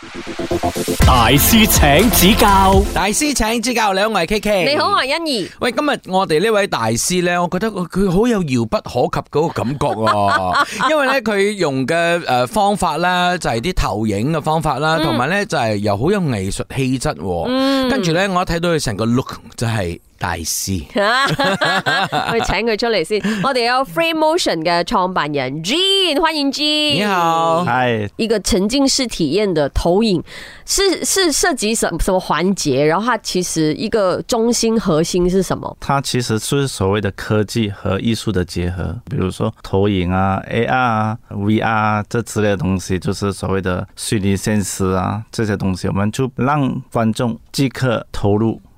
大師，大師請指教，大師請指教。兩位 K K。你好，我係欣兒。喂，今日我哋呢位大師呢，我覺得佢好有遙不可及嗰個感覺喎、啊！ 因為呢，佢用嘅誒方法啦就係啲投影嘅方法啦，同埋呢，就係又好有藝術氣質。跟住呢，我一睇到佢成個 look 就係、是。大師， 我哋請佢出嚟先。我哋有 Frame Motion 嘅創辦人 Jean，歡迎 Jean。你好，嗨 Hi，一個沉浸式體驗的投影，是是涉及什麼什麼環節？然後它其實一個中心核心是什麼？它其實是所謂的科技和藝術的結合，比如說投影啊、AR 啊、VR 啊，這之類嘅東西，就是所謂的虛擬現實啊，這些東西，我們就讓觀眾即刻投入。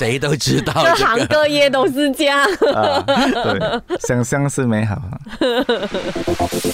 誰都知道，各行各業都是這樣。想象是美好。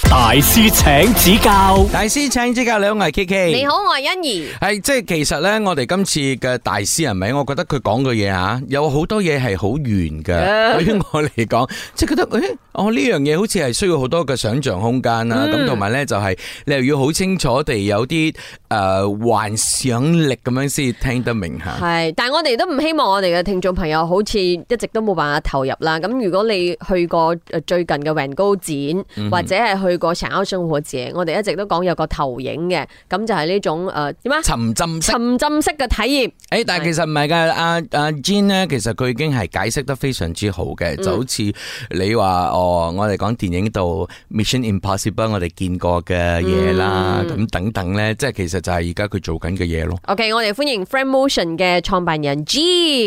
大師請指教，大師請指教，你好，我係 KK，你好，我係欣怡。係即係其實咧，我哋今次嘅大師係咪？我覺得佢講嘅嘢，吓，有好多嘢係好玄嘅，對於我嚟講，即係覺得誒，哦呢樣嘢好似係需要好多嘅想象空間啦。咁同埋咧就係你又要好清楚地有啲誒幻想力咁樣先聽得明吓。係，但係我哋都唔希望。我哋嘅聽眾朋友好似一直都冇辦法投入啦。咁如果你去過最近嘅環高展，嗯、哼或者係去過長洲生活展，我哋一直都講有個投影嘅，咁就係呢種誒點啊？呃、沉浸式沉浸式嘅體驗。誒、欸，但係其實唔係㗎，阿阿 Jean 呢，其實佢已經係解釋得非常之好嘅，就好似你話、嗯、哦，我哋講電影度 Mission Impossible 我哋見過嘅嘢啦，咁、嗯、等等咧，即係其實就係而家佢做緊嘅嘢咯。OK，我哋歡迎 Frame Motion 嘅創辦人 Jean。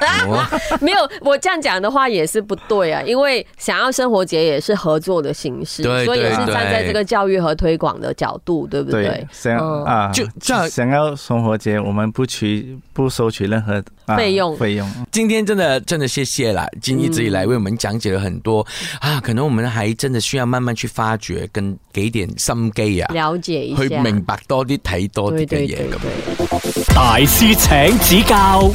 啊、沒有，我這樣講的話也是不對啊。因為想要生活節也是合作的形式，對對對，所以也是站在這個教育和推廣的角度，對不對？對想、嗯、想啊，就，就想要生活節，我們不取不收取任何費、啊、用。費用。今天真的真的謝謝了，今一直以來為我們講解了很多、嗯、啊，可能我們還真的需要慢慢去發掘，跟給點心機啊，了解一下，會明白多啲睇多啲嘅嘢咁。對對對對對，大師請指教。